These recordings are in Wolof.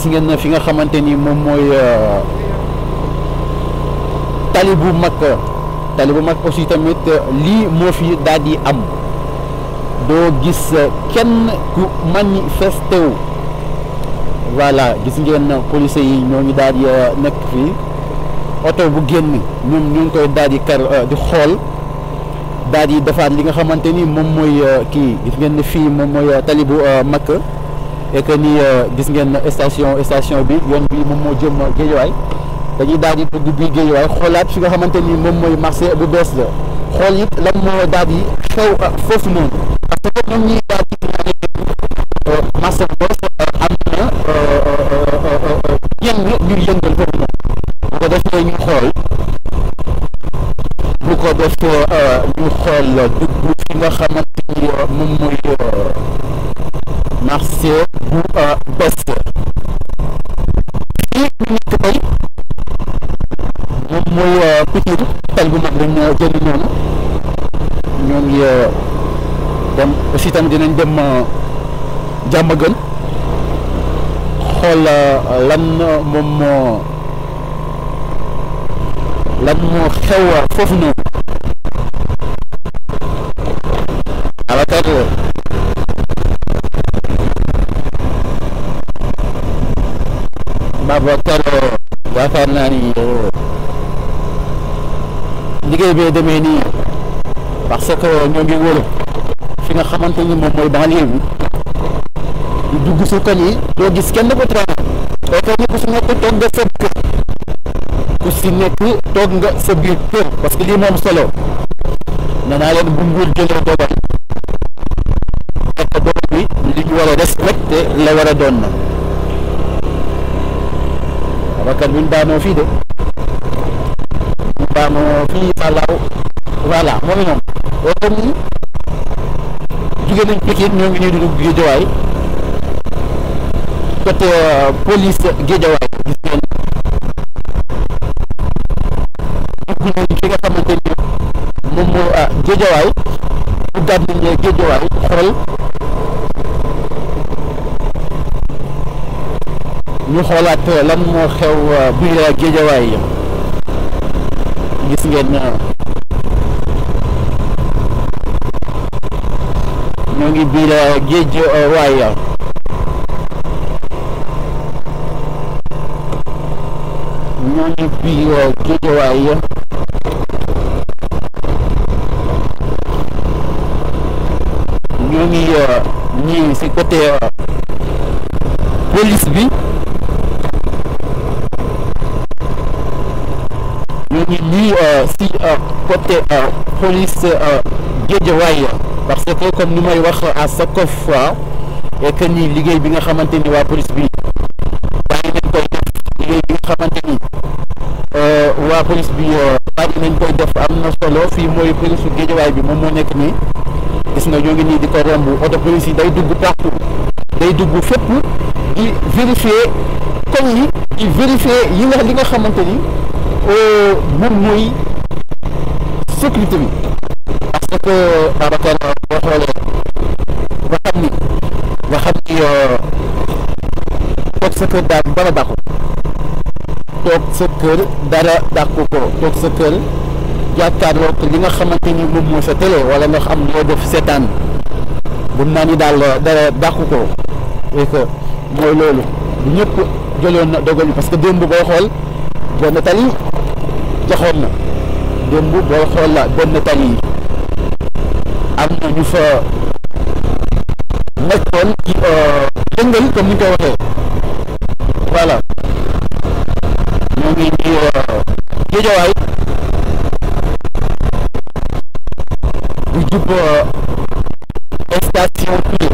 gis ngeen na fi nga xamante ni moom mooy euh, tali bu mag tali bu mag aussi tamit lii moo fi daal di am doo gis kenn ku manifesté wu voilà gis ngeen police yi ñoo ngi daal di euh, nekk fii oto bu génn ñoom ñu ngi koy daal di kar euh, di xool daal di defaat li nga xamante ni moom mooy kii gis ngeen ne fii moom mooy tali bu mag. et que ni euh, gis ngeen station station bi yoon bi moom moo jëm Géejawaay dañuy daal di dugg biir Géejawaay xoolaat fi nga xamante ni moom mooy marché bu bees la xool it lan moo daal di xew foofu noonu parce dem euh, jàmm gën xool euh, lan euh, moom moo lan moo xew foofu noonu Abacar Babacar yaakaar naa ni liggéey bi demee nii parce que ñoo ngi wóolu fi nga xamante ni moom mooy banlieue bi ñu dugg si koñ yi gis kenn ko traité kooku ne ku si nekk toog ku si nekk toog nga sa biir kër parce que lii moom solo nee naa leen bu nguur jëlee li ñu war a respecté la war doon na rakat buñ daanoo fii de buñ daanoo fii Salaaw voilà moom i moom jugee nañ Pikine ñoo ngi ñuy dugg Guédiawaye côté euh, police Guédiawaye gis ngeen ak ñooñu ki nga xamante ni moom moo ah, Guédiawaye xool ñu xoolaat euh, lan moo xew euh, biir Guédiawaye gis ngeen ngi biir uh, géej uh, waay ñoo ngi biir uh, géej waay ñoo ngi ñii si police bi ñoo ngi nii si police géej waay parce que comme ni may wax à chaque fois et que ni liggéey bi nga xamante ni waa police bi bàyyi nañ koy def liggéey bi nga xamante euh, waa police bi euh, bàyyi nañ koy def am na solo fii mooy police su géejawaay bi moom moo nekk nii gis nga ñoo ngi nii di ko romb oto police yi day dugg partout day dugg fépp di vérifier comme ni di vérifier yi nga li nga xamante ni euh, moom mooy sécurité bi te ko Babacar boo xoolee nga xam ni nga xam ni toog sa kër daal dara dàqu toog sa kër dara dàqu ko toog sa kër jàkkaarloo li nga xamante ni moom moo sa télé wala nga xam loo def seetaan bu naa ni daal dara dàqu ko et que mooy loolu ñëpp jëloon na dogal parce que démb booy xool benn tali joxoon na démb booy xool la benn tali yi. am na ñu fa nekkoon ci euh, yëngal comme ni nga ko waxee voilà ñoo ngi ci euh, géejawaay bu jub euh, station bi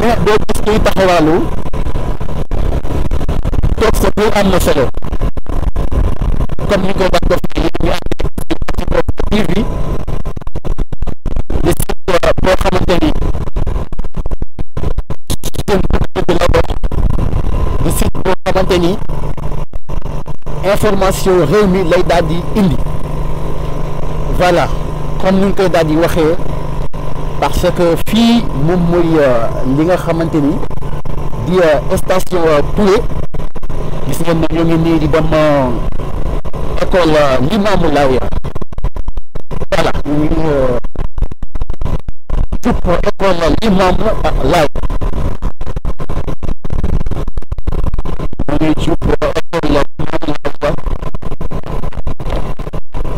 nee na doo gis kuy taxawaalu toog fa lu am na solo comme ni ko baax ko fi ñu am TV di site boo xamante ni seen bëgg la bokk di site boo xamante ni information réew mi lay daal di indi voilà comme ni ñu koy daal di waxee parce que fii moom mooy euh, li nga xamante ni di euh, station Touré euh, gis ngeen ne ñoo nii di dem école Limamou Laye voilà ñu jub école Limamou Laye ñu ngi jub école Limamou Laye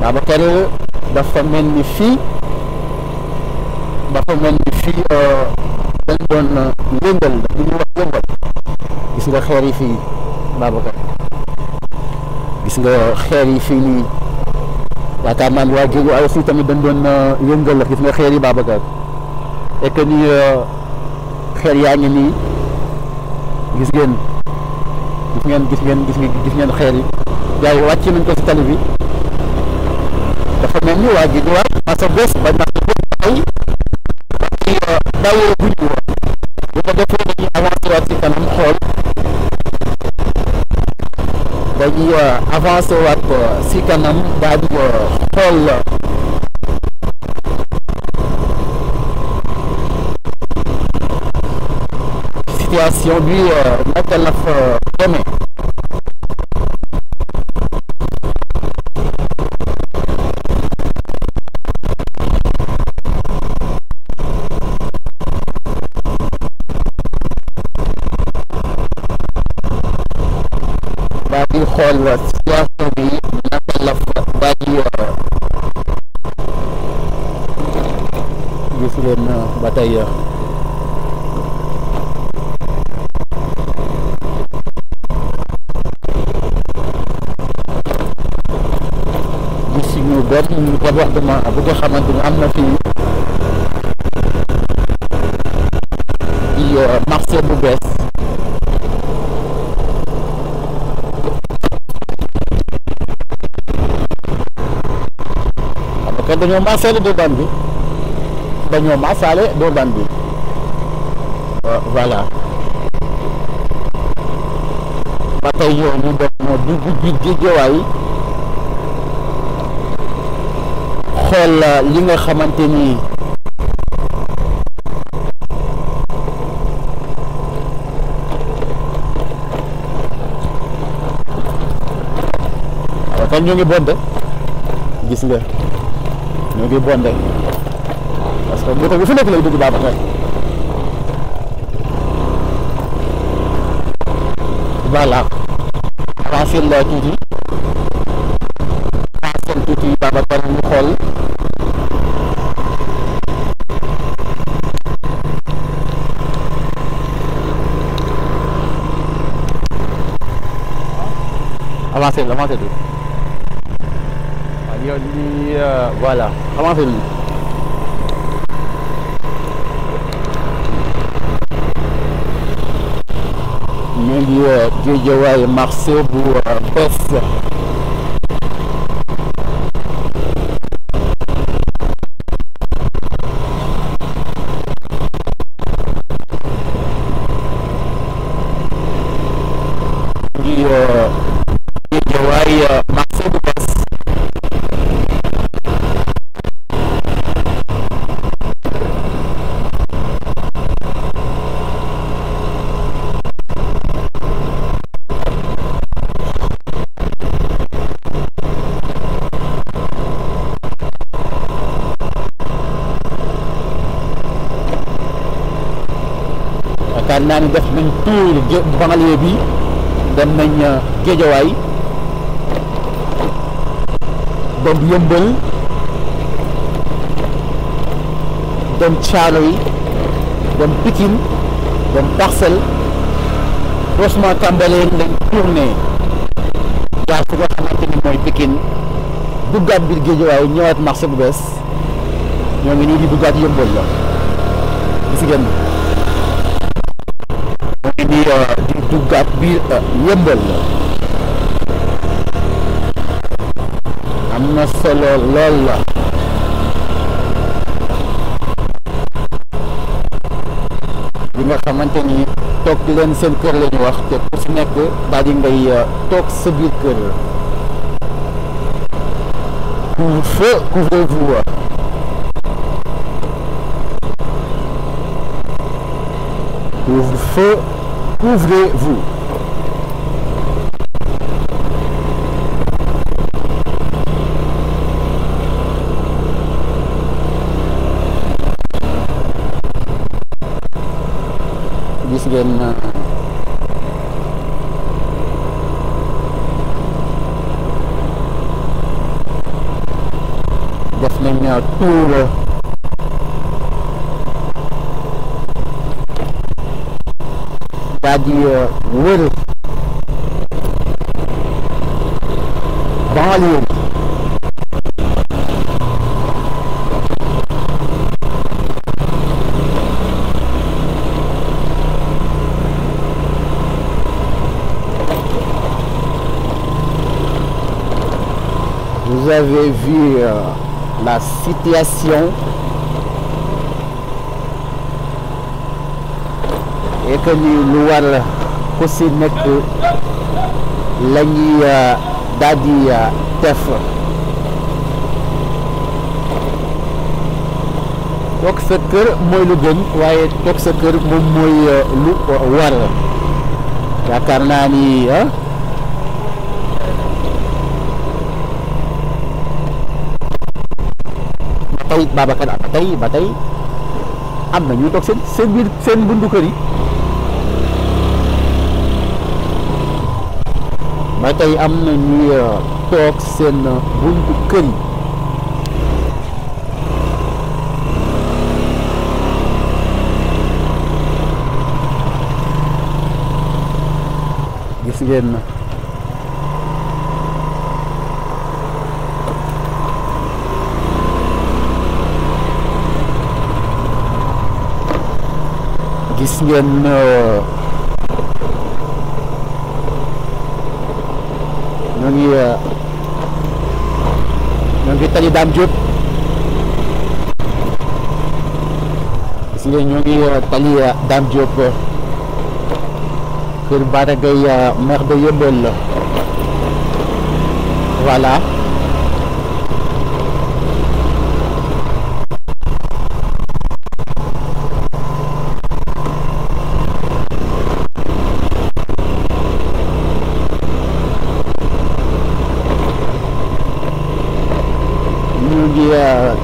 Babacar dafa mel ni fii dafa mel ni fii euh, dañ doon euh, yëngal la li ñuy wax yëngal gis nga xeer yi fii Babacar gis nga xeer yi fii nii yaakaar naa ne waa Géeju ay aussi tamit dañ doon euh, yëngal la gis nga xeer yi Babacar et que xeer yaa ngi nii gis ngeen gis ngeen gis ngeen gis ngeen gis ngeen xeer yi gars yi wàcc nañ ko si tali bi dafa mel ni waa Géeju waa Massa Bés bañ naa ko ay daawoo gudd woon bu ko defee dañuy wat si ci kanam xool dañuy euh, avancer waat ko euh, ci kanam daal di ko euh, xool situation bi dañoo maasaale doodaan bi dañoo maasaale doodaan bi euh, voilà ba tey yow ñu doon dugg bi géejewaay xool euh, li nga xamante ni kon ñu ngi bonde gis nga ñu ngi bondé parce que moto bu fi nekk lay dugg Babacar voilà avancé loo tuuti avancé tuuti Babacar ñu xool avancé avancé tuuti yow di euh, voilà comment ça dit ñu ngi euh, géejawaay marché bu euh, bees banlieue bi dem nañ euh, géejawaay dem yëmbal dem yi dem Pikine dem Parcelles doucement tàmbalee nañ tourné jaar fu nga xamante ni mooy Pikine duggaat biir géejawaay ñëwaat marché bu bees ñoo ngi nii di duggaat yëmbal la gis ngeen di duggaat biir euh, yëmbal la am na solo lool la li nga xamante ni toog leen seen kër la wax te ku si nekk daal di ngay euh, toog sa biir kër couvre-feu couvrez-vous euh. couvre-feu couvrez-vous. gis ngeen euh, def nañ tour di wër banlieue vous avez vu euh, la situation et que ni lu war ku si nekk la ñuy euh, euh, def toog sa kër mooy lu gën waaye toog sa kër moom mooy euh, lu war yaakaar naa ni ah. ba tey Babacar ba tey ba tey am na ñu toog seen seen biir seen bundu kër yi ba tey am na ñuy euh, toog seen euh, buntu kër gis ngeen gis ngeen euh, Dame Diop gis ngeen ñoo ngi euh, tali euh, Dame Diop euh, kër Bara Gaye maire de Yeumbeul voilà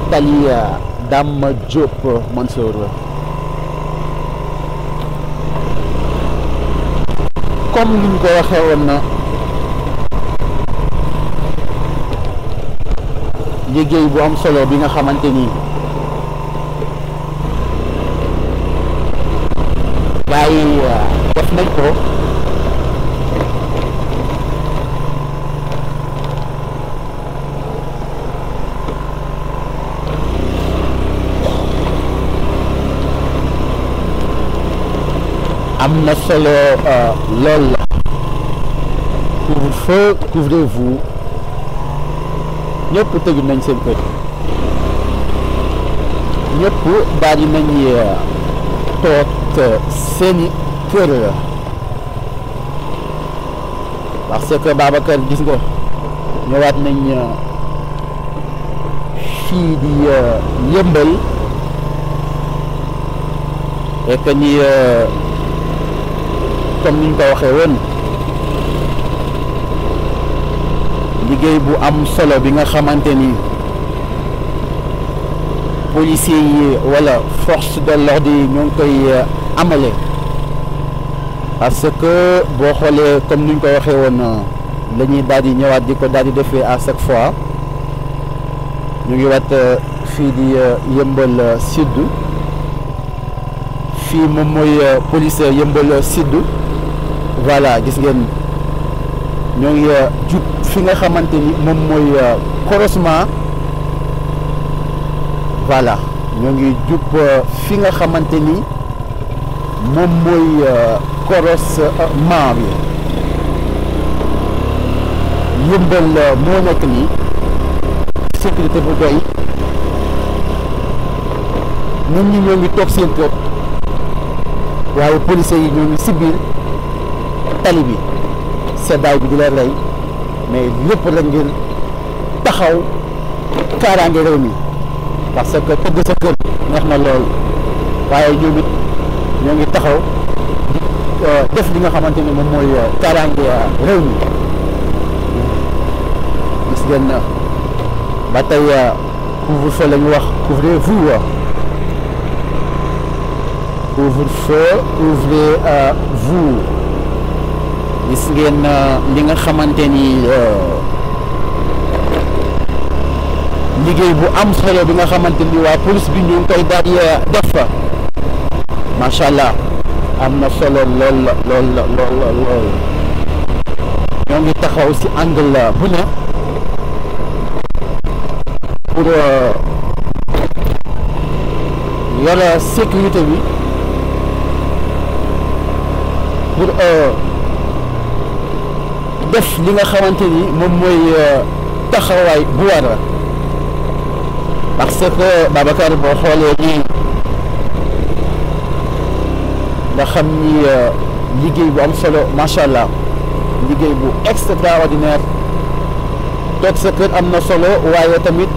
Nathalie Dame Diop Mansour comme li ñu ko waxee woon na liggéey bu am solo bi nga xamante ni gars yi euh, nañ ko am na solo euh, lool la couvre-feu couvrez-vous ñëpp tëju nañ seen kër ñëpp daal di nañ euh, toog euh, seeni kër parce que Babacar gis nga ñëwaat nañ fii di yëmbal et que ni. comme ni ñu ko waxee woon liggéey bu am solo bi nga xamante ni policiers yi wala force de l'ordre yi ñoo ngi koy euh, amale parce que boo xoolee comme ni ñu ko waxee woon euh, la ñuy daal ñëwaat di ko daal defee à chaque fois ñu ngi wat euh, fii di yëmbal sud fii moom mooy police yëmbal sud voilà gis ngeen ñoo ngi euh, jub fi nga xamante ni moom mooy euh, croisement voilà ñoo ngi jub euh, fi nga xamante ni moom mooy croisement bi yëmbal moo nekk nii sécurité bu doy nit ñi ñoo ngi toog seen kër waaye polise yi ñoo ngi si tali bi seddaay bi di la rey mais lépp rek ngir taxaw kaaraange réew mi parce que tëgg sa kër neex na lool waaye ñoom it ñoo ngi taxaw euh, def li nga xamante ni moom mooy euh, kaaraange euh, réew mi gis ngeen ba tey couvre-feu la ñu wax couvrez-vous couvre-feu couvrez-vous gis ngeen euh, li nga xamante ni euh, liggéey bu am solo bi nga xamante ni waa police bi ñu ngi koy daal euh, def macha allah am na solo lool lool lool lool ñoo ngi taxaw ci angle bu ne pour yore sécurité bi pour. def li nga xamante ni moom mooy euh, taxawaay bu war a parce que Babacar boo xoolee nii nga xam ni euh, liggéey bu am solo macha allah liggéey bu extraordinaire toog sa kër am na solo waaye tamit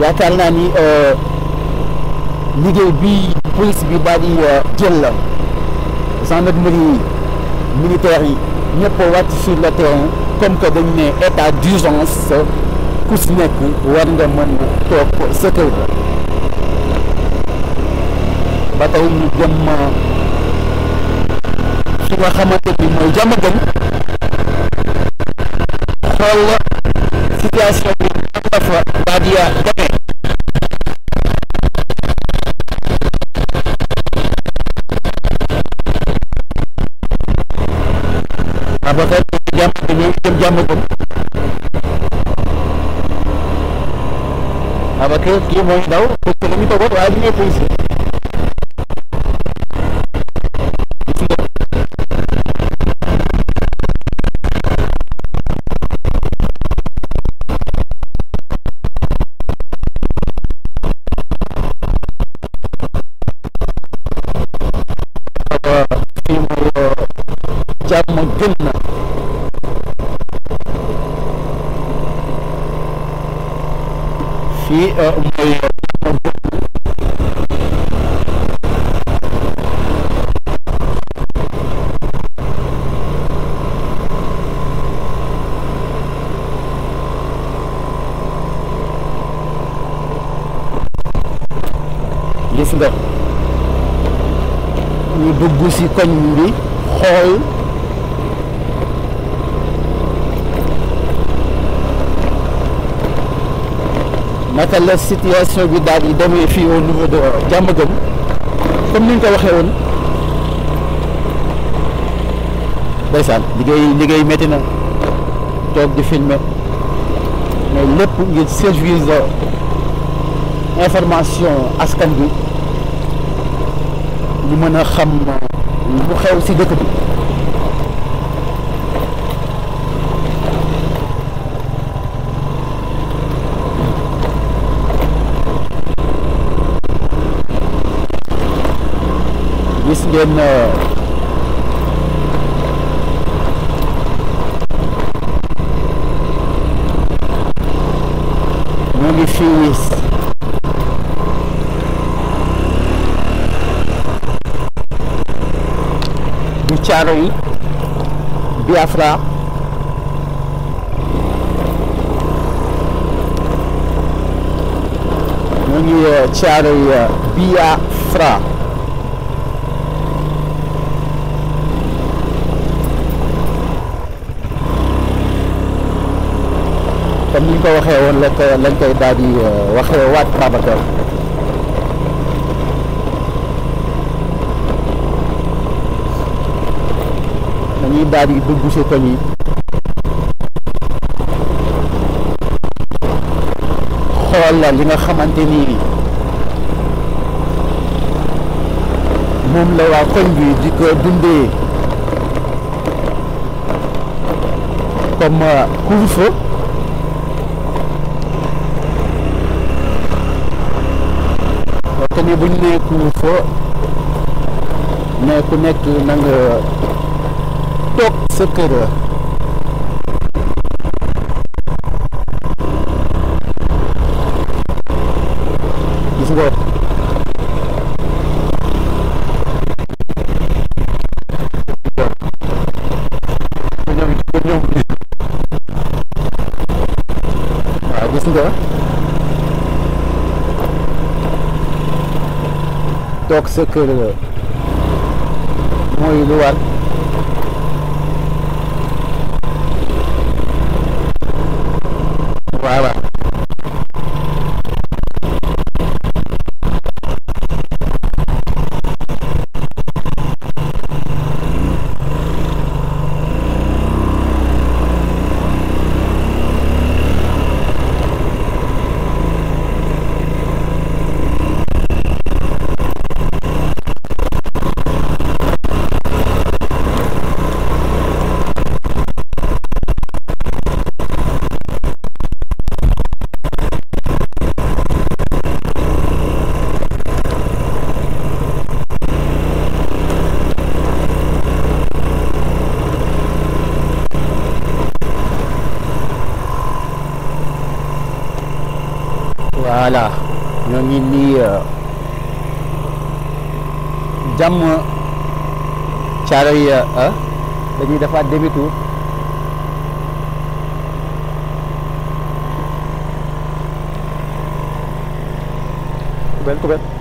yaakaar naa ni euh, liggéey bi police bi daal di jël la gendarmerie yi militaire yi. ñëpp wàcc sur le terrain comme que dañ ne état d'urgence ku si nekk war nga mën toog sa kër ba taw ñu jëm fi nga xamante ni mooy jàmm gën xool situation bi dafa daal di ba tey jàmm dañuy jëm jàmm gum Ababacar kii mooy daw parce que la ñu toogoon waaye du ñuy policier fii euh, euh, nga ñu dugg ci koñ bi xool naka la situation bi daal di demee fii au niveau de Diamaguène comme ni ñu ko waxee woon ndeysaan liggéey liggéey métti na toog di filmer mais lépp ngir service de information askan bi ñu mën a xam lu xew si dëkk bi. gis ngeen euh, mu ngi fi du caaro yi Biafra mu ngi euh, caaro yi euh, Biafra comme ni euh, dañuy daal di dugg si koñ yi xool la li nga xamante nii ni moom la waa koñ bi di dundee comme euh, couvre que ni buñ nee couvre-feu ku nekk na nga sa kër gis nga gis nga toog sa kër la mooy lu war mooy euh, dañuy defaat demi tour kubel kubel